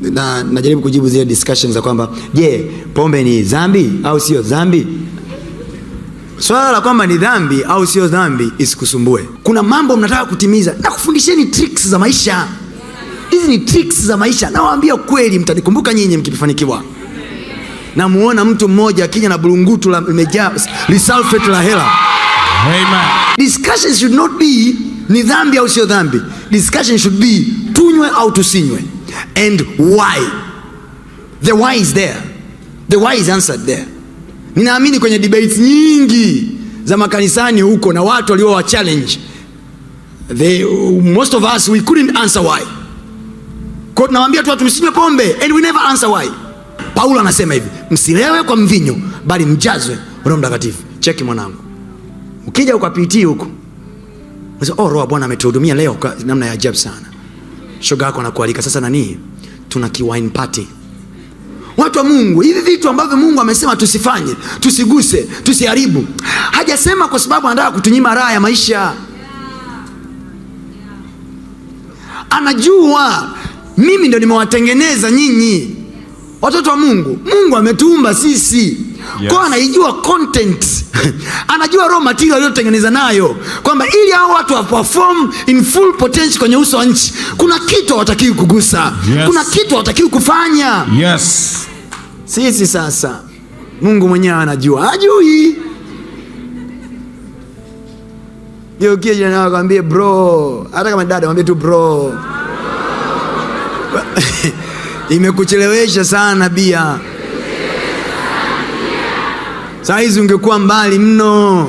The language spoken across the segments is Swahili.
na najaribu kujibu zile discussions za kwamba je, pombe ni dhambi au sio dhambi? Swala la kwamba ni dhambi au sio dhambi isikusumbue. Kuna mambo mnataka kutimiza na kufundisheni tricks za maisha. Hizi ni tricks za maisha, nawaambia kweli, mtanikumbuka nyinyi mkifanikiwa. Namuona mtu mmoja akija na bulungutu limejaa risulfate la hela. Amen. Discussion should not be ni dhambi au sio dhambi. Discussion should be tunywe au tusinywe and why. The why is there. The why is answered there. Ninaamini kwenye debates nyingi za makanisani huko na watu walio wa challenge the most of us we couldn't answer why. Kwa tunawaambia tu watu msinywe pombe and we never answer why. Paulo anasema hivi, msilewe kwa mvinyo bali mjazwe Roho Mtakatifu. Cheki mwanangu. Ukija ukapitii huko. Unasema oh, Roho Bwana ametuhudumia leo kwa namna ya ajabu sana shoga yako anakualika sasa, nani, tuna kiwine party. Watu wa Mungu, hivi vitu ambavyo Mungu amesema tusifanye, tusiguse, tusiharibu, hajasema kwa sababu anataka kutunyima raha ya maisha. Anajua mimi ndo nimewatengeneza nyinyi Watoto wa Mungu, Mungu ametuumba sisi yes. Kwa anaijua content anajua raw material aliyotengeneza nayo, kwamba ili hao watu wa perform in full potential kwenye uso wa nchi, kuna kitu hawatakiwi kugusa yes. Kuna kitu hawatakiwi kufanya yes. Sisi sasa, Mungu mwenyewe anajua, ajui kia jina nao, akwambie bro, hata kama dada mwambie tu bro imekuchelewesha sana bia. Saa hizi ungekuwa mbali mno,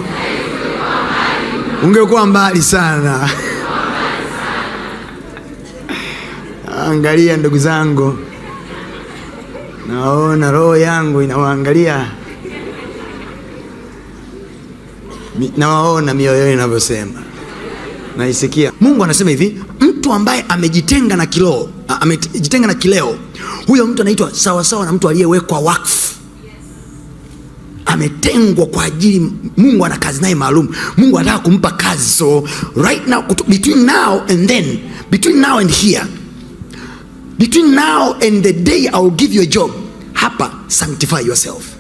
ungekuwa mbali sana. Angalia ndugu zangu, naona roho yangu inawaangalia, nawaona mioyo inavyosema naisikia. Mungu anasema hivi, mtu ambaye amejitenga na kileo, amejitenga na kileo, huyo mtu anaitwa sawasawa na mtu aliyewekwa wakfu ametengwa kwa ajili. Mungu ana kazi naye maalum. Mungu anataka kumpa kazi, so right now, between now and then, between now and here, between now and the day I will give you a job, hapa sanctify yourself.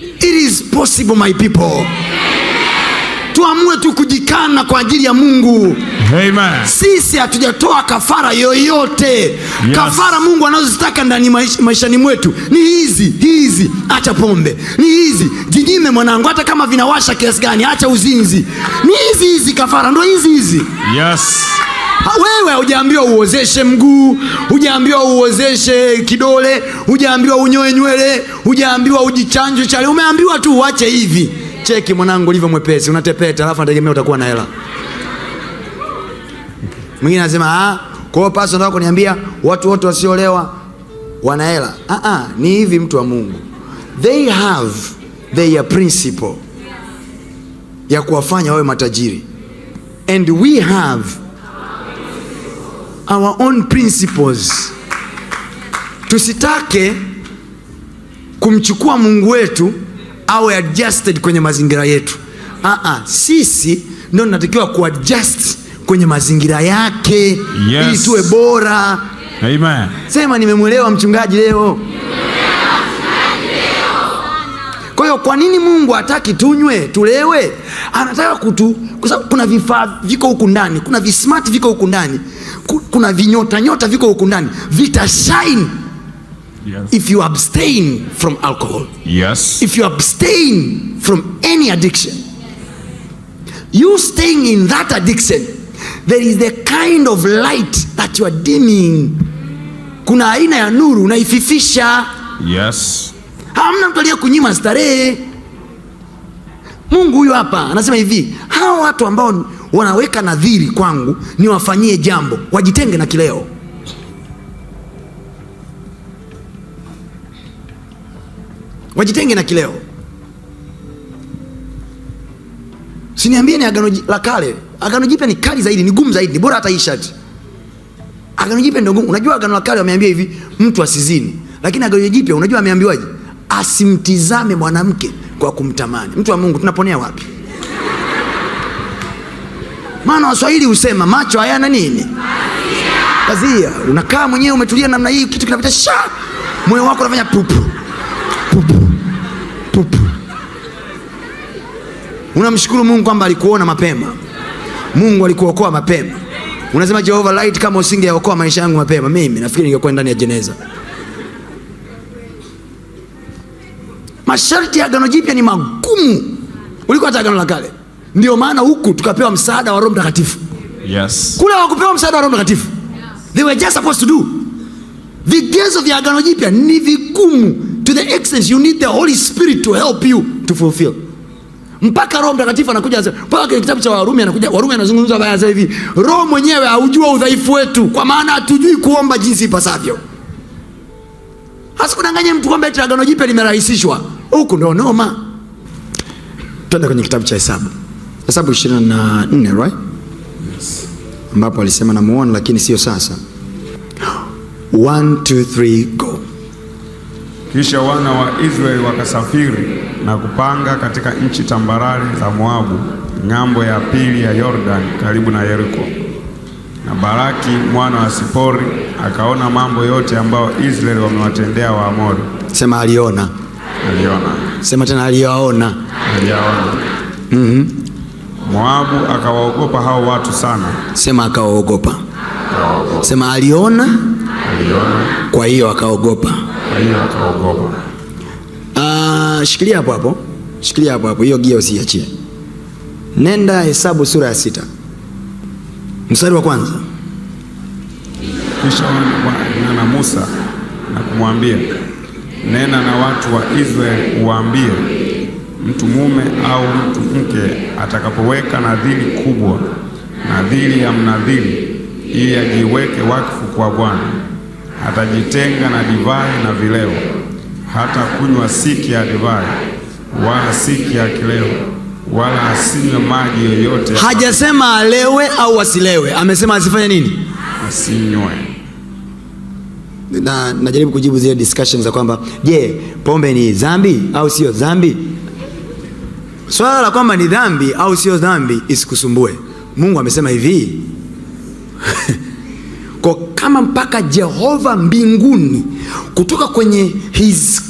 It is possible my people watu kujikana kwa ajili ya Mungu. Amen. Sisi hatujatoa kafara yoyote. Yes. Kafara Mungu anazozitaka ndani maishani mwetu ni hizi hizi, acha pombe, ni hizi jinyime, mwanangu, hata kama vinawasha kiasi gani, acha uzinzi, ni hizi hizi kafara, ndo hizi hizi. Yes. Wewe hujaambiwa uozeshe mguu, hujaambiwa uozeshe kidole, hujaambiwa unyoe nywele, hujaambiwa ujichanje chale, umeambiwa tu uache hivi cheki mwanangu ulivyo mwepesi, unatepeta alafu nategemea utakuwa na hela. Mwingine anasema ah, kwa hiyo pastor nataka kuniambia watu wote wasiolewa wana hela. Ah ah, ni hivi mtu wa Mungu. They have their principle ya kuwafanya wawe matajiri. And we have our own principles. Tusitake kumchukua Mungu wetu awe adjusted kwenye mazingira yetu. Aa, sisi ndio tunatakiwa kuadjust kwenye mazingira yake yes, ili tuwe bora. Amen. Sema nimemwelewa mchungaji leo. Kwa hiyo kwa nini Mungu hataki tunywe tulewe? Anataka kutu, kwa sababu kuna vifaa viko huku ndani, kuna vismart viko huku ndani, kuna vinyota nyota viko huku ndani, vita shine Yes. If you abstain from alcohol. Yes. If you abstain from any addiction. You staying in that addiction, there is the kind of light that you are dimming. Kuna aina ya nuru unaififisha. Yes. Hamna mtu aliye kunyima starehe. Mungu huyu hapa anasema hivi, hawa watu ambao wanaweka nadhiri kwangu niwafanyie jambo, wajitenge na kileo. wajitenge na kileo. Siniambie ni agano la kale, agano jipya ni kali zaidi, ni gumu zaidi, ni bora hata ishati. Agano jipya ndio gumu. Unajua agano la kale wameambia hivi, mtu asizini, lakini agano jipya unajua ameambiwaje? Asimtizame mwanamke kwa kumtamani. Mtu wa Mungu, tunaponea wapi? Maana Waswahili husema macho hayana nini, Kazia, Unakaa mwenyewe umetulia namna hii, kitu kinapita sha, moyo wako unafanya pupu pupu Unamshukuru Mungu kwamba alikuona mapema, Mungu alikuokoa mapema. Unasema Jehova Light, kama usingeokoa maisha yangu mapema, mimi nafikiri ningekuwa ndani ya jeneza. Masharti ya Agano Jipya ni magumu kuliko hata Agano la Kale. Ndio maana huku tukapewa msaada wa Roho Mtakatifu. Yes. Kule hawakupewa msaada wa Roho Mtakatifu. They were just supposed to do. Vigezo vya Agano Jipya ni vigumu to the extent you need the Holy Spirit to help you to fulfill mpaka Roho Mtakatifu anakuja mpaka kwenye kitabu cha Warumi anakuja, Warumi anazungumza baya sasa hivi, Roho mwenyewe haujua udhaifu wetu, kwa maana hatujui kuomba jinsi ipasavyo. Asikudanganye mtu kwamba eti agano jipya limerahisishwa, huku ndo noma. Twende kwenye kitabu cha Hesabu, Hesabu 24 right, ambapo alisema namuona, lakini sio sasa. 1 2 3 go kisha wana wa Israeli wakasafiri na kupanga katika nchi tambarare za Moabu, ng'ambo ya pili ya Yordani karibu na Yeriko. Na Baraki mwana wa Sipori akaona mambo yote ambayo Israeli wamewatendea Waamori. Sema aliona. Aliona. Sema tena aliyaona. Aliyaona. Mhm. Moabu akawaogopa hao watu sana. Sema akawaogopa. Akawaogopa. Sema aliona. Aliona. Kwa hiyo akaogopa akaogopa. Uh, shikilia hapo hapo, shikilia hapo hapo, hiyo gia usiachie. Nenda Hesabu sura ya sita mstari wa kwanza. Kisha Bwana na Musa na kumwambia, nena na watu wa Israeli uwaambie, mtu mume au mtu mke atakapoweka nadhiri kubwa, nadhiri ya mnadhiri, ili ajiweke wakfu kwa Bwana Atajitenga na divai na vileo, hata kunywa siki ya divai wala siki ya kileo, wala asinywe maji yoyote. Hajasema alewe au asilewe, amesema asifanye nini? Asinywe na najaribu kujibu zile discussions za kwamba je, pombe ni dhambi au sio dhambi? Swala la kwamba ni dhambi au sio dhambi isikusumbue. Mungu amesema hivi kama mpaka Jehova mbinguni kutoka kwenye his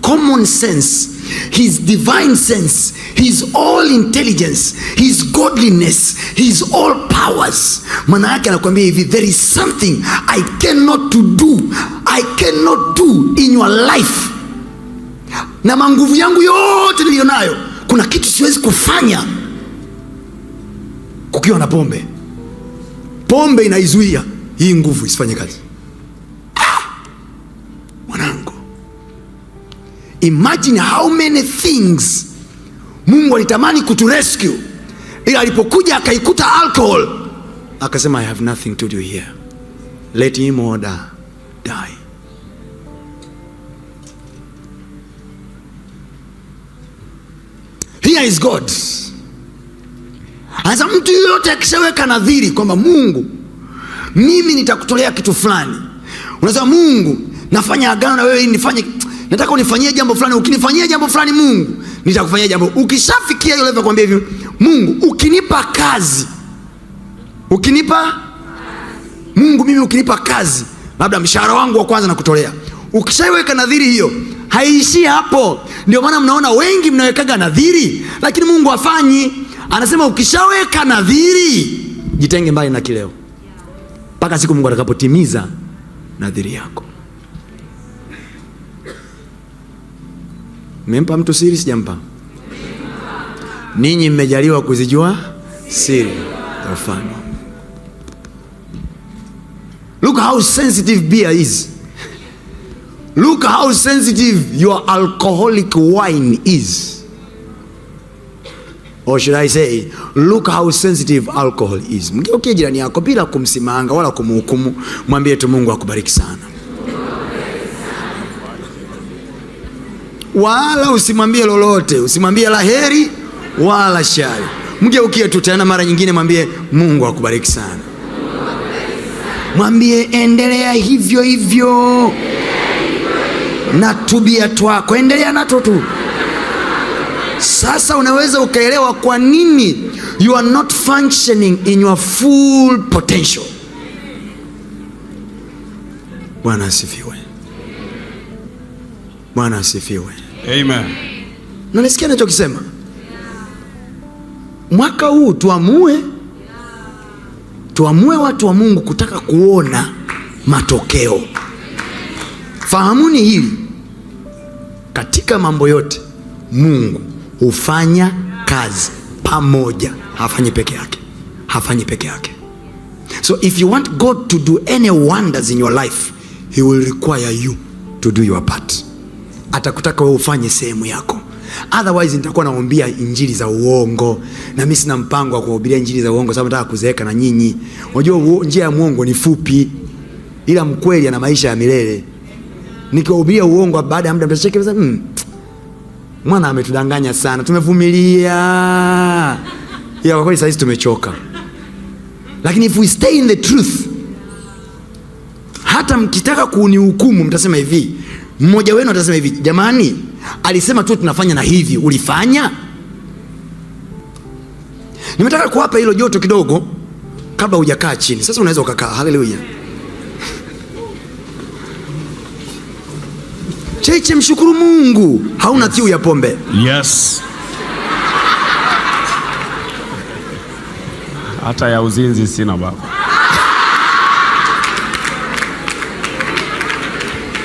common sense his divine sense his all intelligence his godliness his all powers. Maana yake anakuambia hivi, there is something I cannot to do I cannot do in your life, na manguvu yangu yote niliyonayo, kuna kitu siwezi kufanya kukiwa na pombe. Pombe inaizuia hii nguvu isifanye kazi. Mwanangu, imagine how many things Mungu alitamani kuturescue, ila alipokuja akaikuta alcohol akasema, I have nothing to do here, let him order die. Here is God. Hasa mtu yoyote akishaweka nadhiri kwamba Mungu mimi nitakutolea kitu fulani. Unasema Mungu, nafanya agano na wewe, nifanye, nataka unifanyie jambo fulani. Ukinifanyia jambo fulani, Mungu, nitakufanyia jambo. Ukishafikia hiyo level, kwambia hivi, Mungu, ukinipa kazi, ukinipa Mungu, mimi ukinipa kazi, labda mshahara wangu wa kwanza nakutolea. Ukishaiweka nadhiri hiyo haiishii hapo. Ndio maana mnaona wengi mnawekaga nadhiri, lakini Mungu afanyi. Anasema ukishaweka nadhiri, jitenge mbali na kileo mpaka siku Mungu atakapotimiza nadhiri yako. Mmempa mtu siri? Sijampa. Ninyi mmejaliwa kuzijua siri za ufalme. Look how sensitive beer is. Look how sensitive your alcoholic wine is. Or should I say, look how sensitive alcohol is. Mgeukie jirani yako bila kumsimanga wala kumhukumu, mwambie tu Mungu akubariki sana. Wala usimwambie lolote, usimwambie laheri wala shari. Mgeukie tu tena mara nyingine, mwambie Mungu akubariki sana, mwambie endelea hivyo hivyo na tubia twako, endelea nato tu. Sasa unaweza ukaelewa kwa nini you are not functioning in your full potential. Bwana asifiwe. Bwana asifiwe. Amen. Na nisikia nachokisema mwaka huu tuamue, tuamue watu wa Mungu kutaka kuona matokeo. Fahamuni hili katika mambo yote Mungu hufanya kazi pamoja, hafanyi peke yake, hafanyi peke yake. So if you want God to do any wonders in your life, he will require you to do your part. Atakutaka wewe ufanye sehemu yako, otherwise nitakuwa naombia injili za uongo, na mimi sina mpango wa kuhubiria injili za uongo sababu nataka kuzeeka na nyinyi. Unajua njia ya mwongo ni fupi, ila mkweli ana maisha ya milele. Nikiwahubiria uongo, baada ya muda mtacheka, mmm Mwana ametudanganya sana, tumevumilia ya kwa kweli, saa hizi tumechoka, lakini if we stay in the truth, hata mkitaka kunihukumu mtasema hivi, mmoja wenu atasema hivi, jamani, alisema tu tunafanya na hivi, ulifanya. Nimetaka kuwapa hilo joto kidogo kabla hujakaa chini. Sasa unaweza ukakaa. Haleluya. cheche, mshukuru Mungu, hauna kiu ya pombe. Yes, hata ya uzinzi sina baba.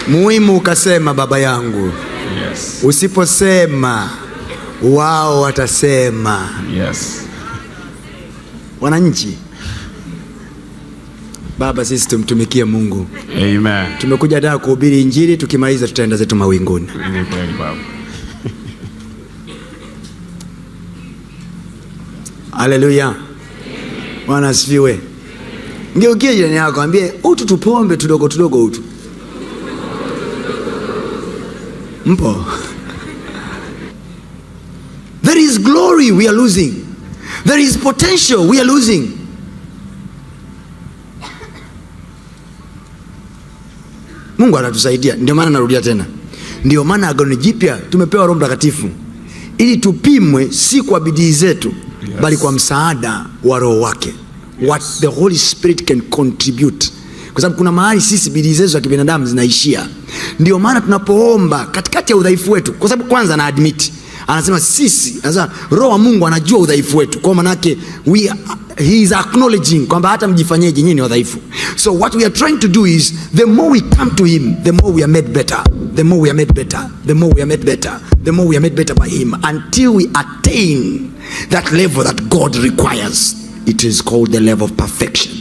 Muhimu ukasema baba yangu. Yes. Usiposema wao watasema. Yes. Wananchi Baba, sisi tumtumikie Mungu. Amen. Tumekuja hata kuhubiri Injili, tukimaliza tutaenda zetu mawinguni. Ni Haleluya. Bwana asifiwe. Ngeukie jirani yako, ambie utu tupombe tudogo tudogo utu. Mpo? There is glory we are losing. There is potential we are losing. Mungu anatusaidia. Ndio maana narudia tena, ndio maana Agano Jipya tumepewa Roho Mtakatifu ili tupimwe, si kwa bidii zetu yes, bali kwa msaada wa roho wake yes. What the Holy Spirit can contribute, kwa sababu kuna mahali sisi bidii zetu za kibinadamu zinaishia. Ndio maana tunapoomba katikati ya udhaifu wetu, kwa sababu kwanza na admit anasema sisi, anasema roho wa Mungu anajua udhaifu wetu, kwa maana yake we he is acknowledging kwamba hata mjifanyeje nyinyi ni wadhaifu. So what we are trying to do is the more we come to him the more we are made better, the more we are made better, the more we are made better, the more we are made better by him until we attain that level that God requires. It is called the level of perfection.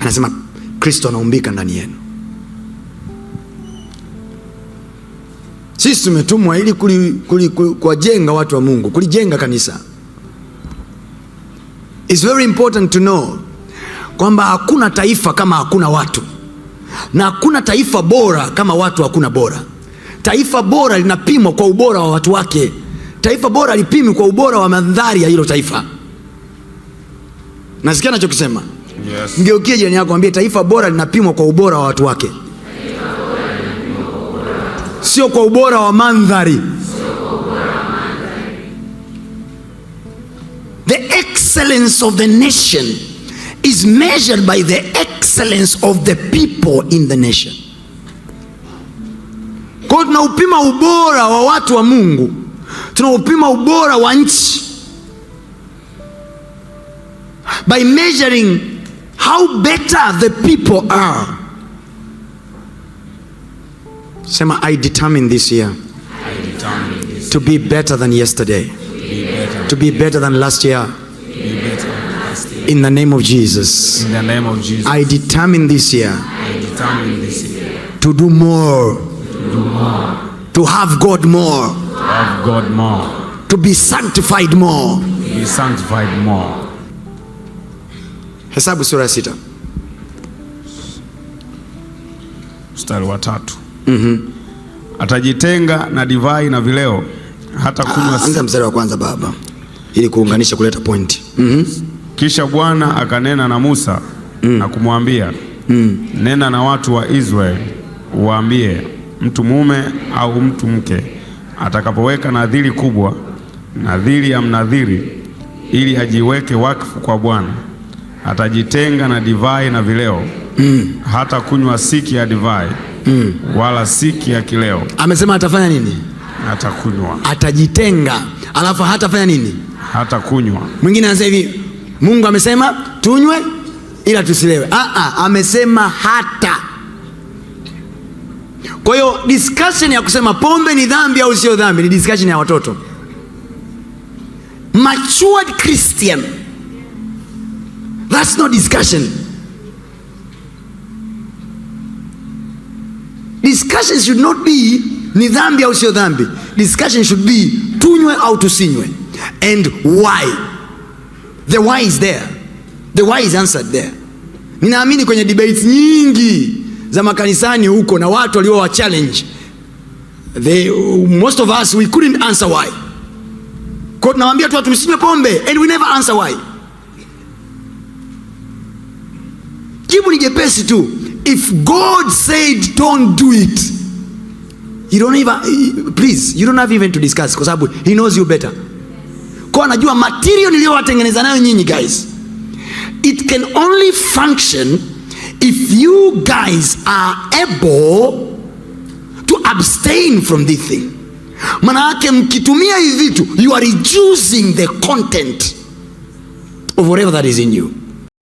Anasema Kristo anaumbika ndani yenu Sisi tumetumwa ili kuwajenga watu wa Mungu, kulijenga kanisa. It's very important to know kwamba hakuna taifa kama hakuna watu, na hakuna taifa bora kama watu hakuna bora. Taifa bora linapimwa kwa ubora wa watu wake. Taifa bora lipimwi kwa ubora wa mandhari ya hilo taifa. Nasikia nachokisema? Yes. Mgeukie jirani yako, ambie taifa bora linapimwa kwa ubora wa watu wake sio kwa ubora wa mandhari. The excellence of the nation is measured by the excellence of the people in the nation. Kwa tunaupima ubora wa watu wa Mungu, tunaupima ubora wa nchi by measuring how better the people are Sema I determine this year to be better than yesterday, to be better than last year. In the name of Jesus, I determine this year to do more, to have God more, to be sanctified more. Hesabu sura ya sita mstari wa tatu mm -hmm. Atajitenga na divai na vileo, hata ah, kunywa. Anza mstari wa kwanza baba, ili kuunganisha kuleta point mm -hmm. Kisha Bwana akanena na Musa mm. na kumwambia mm. nena na watu wa Israeli waambie, mtu mume au mtu mke atakapoweka nadhiri kubwa, nadhiri ya mnadhiri, ili ajiweke wakfu kwa Bwana, atajitenga na divai na vileo mm. hata kunywa siki ya divai mm. wala si kia kileo. Amesema atafanya nini? Atakunywa, atajitenga, alafu hatafanya nini? Hatakunywa. Mwingine anasema hivi, Mungu amesema tunywe ila tusilewe. A ah, -a, ah, amesema hata. Kwa hiyo discussion ya kusema pombe ni dhambi au sio dhambi ni discussion ya watoto. Matured Christian, that's no discussion. Discussion should not be ni dhambi au sio dhambi. Discussion should be tunywe au tusinywe and why. The why is there, the why is answered there. Ninaamini kwenye debates nyingi za makanisani huko na watu walio wa challenge the most of us we couldn't answer why. Kwa tunawaambia tu watu msinywe pombe and we never answer why. Jibu ni jepesi tu. If God said don't do it you don't even, please, you don't have even to discuss kwa sababu he knows you better. Kwa anajua material niliyowatengeneza nayo nyinyi guys, it can only function if you guys are able to abstain from this thing. Maana yake mkitumia hivi vitu you are reducing the content of whatever that is in you.